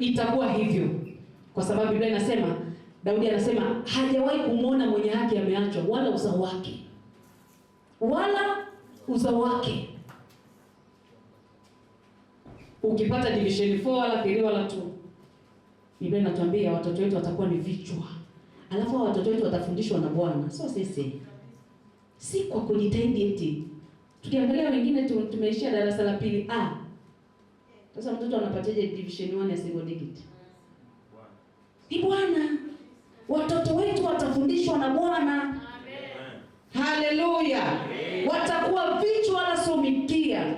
Itakuwa hivyo kwa sababu Biblia inasema, Daudi anasema hajawahi kumwona mwenye haki ameachwa, wala uzao wake, wala uzao wake. Ukipata division 4 wala 3 wala 2, Biblia inatuambia watoto wetu watakuwa ni vichwa, alafu watoto wetu watafundishwa na Bwana, sio sisi, si kwa kujitahidi eti. Tukiangalia wengine tumeishia darasa la pili ah sasa mtoto anapataje division 1 ya single digit? Ni Bwana. Watoto wetu watafundishwa na Bwana. Haleluya! Watakuwa vichwa wala sio mikia.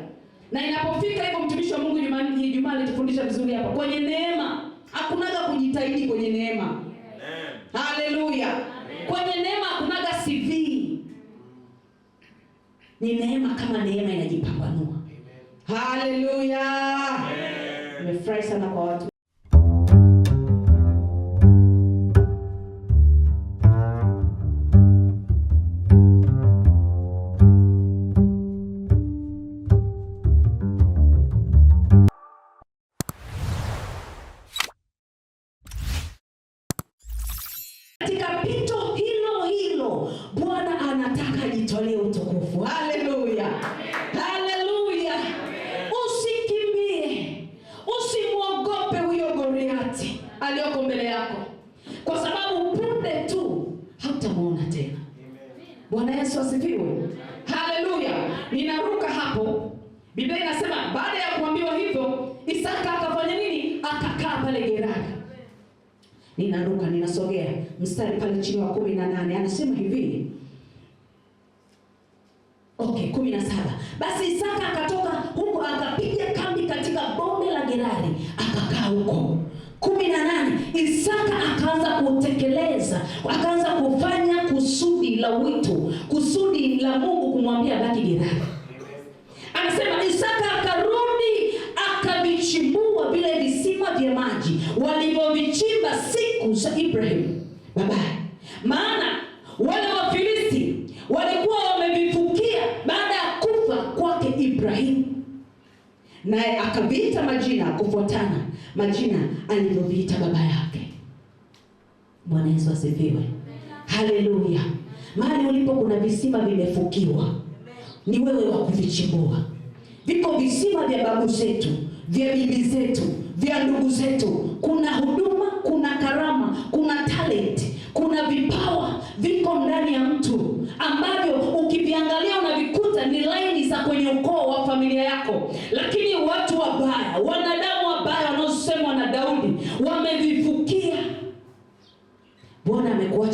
Na inapofika hivyo, mtumishi wa Mungu Jumani, Jumaa alitufundisha vizuri hapa kwenye neema. Hakunaga kujitahidi kwenye neema. Haleluya! Kwenye neema hakunaga CV. Ni neema kama neema inajipambanua. Hallelujah! Nimefurahi sana kwa watu Yesu asifiwe. Haleluya. Ninaruka hapo. Biblia inasema baada ya kuambiwa hivyo, Isaka akafanya nini? Akakaa pale Gerari. Ninaruka, ninasogea mstari pale chini wa kumi na nane anasema hivi Okay, kumi na saba. Basi Isaka akatoka huko akapiga kambi katika bonde la Gerari akakaa huko. kumi na nane. Isaka akaanza kutekeleza, akaanza kufanya kusudi la wito, kusudi la Mungu kumwambia baki gerani. Anasema Isaka akarudi akavichimbua vile visima vya maji walivyovichimba siku za Ibrahimu babaye, maana wale Wafilisti walikuwa wamevifukia baada ya kufa kwake Ibrahimu, naye akaviita majina kufuatana majina alivyoviita baba yake. Bwana Yesu asifiwe, haleluya. Mahali ulipo kuna visima vimefukiwa, ni wewe wa kuvichimbua. Viko visima vya babu zetu, vya bibi zetu, vya ndugu zetu. Kuna huduma, kuna karama, kuna talent, kuna vipawa viko ndani ya mtu ambavyo ukiviangalia unavikuta ni laini za kwenye ukoo wa familia yako, lakini watu wabaya wanada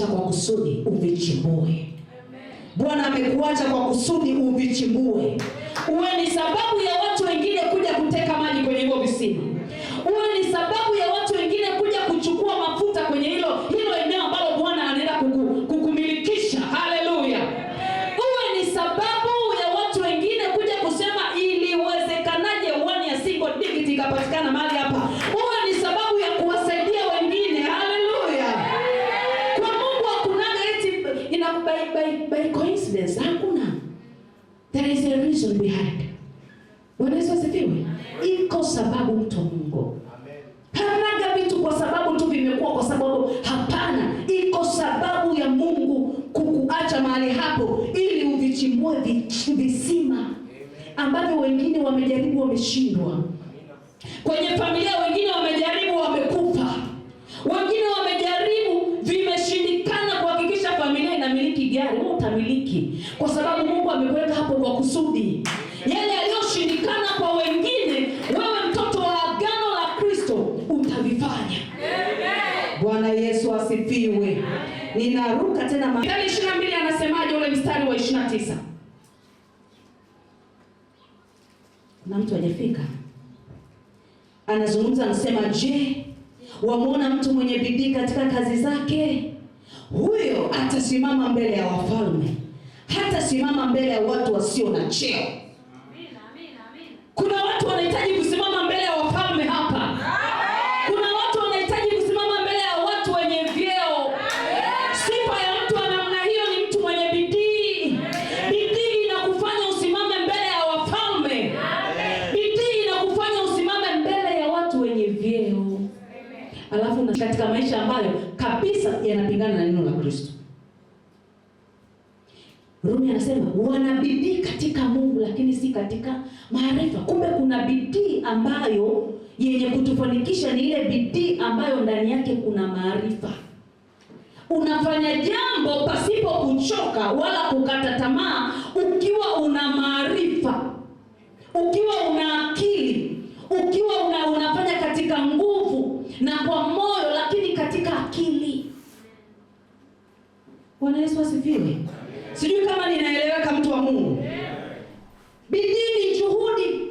amekuacha kwa kusudi uvichimbue. Bwana amekuacha kwa kusudi uvichimbue, uwe ni sababu ya watu wengine kuja kuteka maji kwenye hiyo visima, uwe ni sababu coincidence, hakuna. There is a reason behind. Bwana Yesu asifiwe. Iko sababu mtu Mungu. Hanaga vitu kwa sababu tu vimekuwa kwa sababu, hapana. Iko sababu ya Mungu kukuacha mahali hapo ili uvichimbue visima ambavyo wengine wamejaribu wameshindwa kwenye familia wengine kwa sababu Mungu amekuweka hapo kwa kusudi. Yale yaliyoshindikana kwa wengine, wewe mtoto wa agano la Kristo utavifanya. Bwana Yesu asifiwe. Ninaruka tena Mithali 22 anasemaje ule mstari wa 29? Na mtu hajafika anazungumza anasema, je, wamwona mtu mwenye bidii katika kazi zake? Huyo atasimama mbele ya wafalme hata simama mbele ya watu wasio na cheo. Kuna watu wanahitaji kusimama mbele ya wafalme hapa. Kuna watu wanahitaji kusimama mbele ya watu wenye vyeo. Sifa ya mtu wa namna hiyo ni mtu mwenye bidii. Bidii inakufanya usimame mbele ya wafalme. Bidii inakufanya usimame mbele ya watu wenye vyeo, alafu katika maisha ambayo kabisa yanapingana na neno la Kristo. Rumi anasema wana bidii katika Mungu lakini si katika maarifa. Kumbe kuna bidii ambayo yenye kutufanikisha ni ile bidii ambayo ndani yake kuna maarifa. Unafanya jambo pasipo kuchoka wala kukata tamaa ukiwa una maarifa. Mungu. Bidii ni juhudi.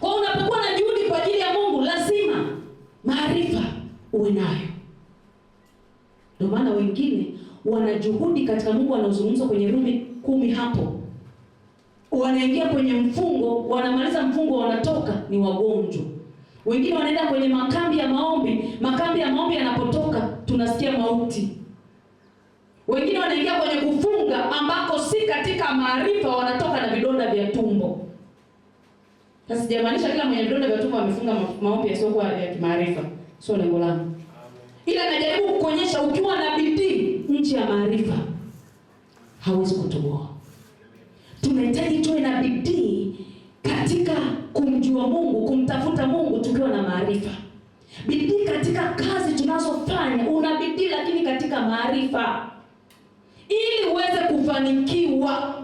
Kwa unapokuwa na juhudi kwa ajili ya Mungu, lazima maarifa uwe nayo. Ndio maana wengine wana juhudi katika Mungu, anaozungumzwa kwenye Rumi kumi hapo, wanaingia kwenye mfungo, wanamaliza mfungo, wanatoka ni wagonjwa. Wengine wanaenda kwenye makambi ya maombi, makambi ya maombi yanapotoka tunasikia mauti. Wengine wanaingia kwenye ambako si katika maarifa, wanatoka na vidonda vya tumbo. Sasa sijamaanisha kila mwenye vidonda vya tumbo amefunga maombi yasiokuwa ya kimaarifa, sio lengo langu, ila najaribu kukuonyesha ukiwa na bidii nje ya maarifa hawezi kutoboa. Tunahitaji tuwe na bidii katika kumjua Mungu, kumtafuta Mungu tukiwa na maarifa. Bidii katika kazi tunazofanya, una bidii lakini katika maarifa ili uweze kufanikiwa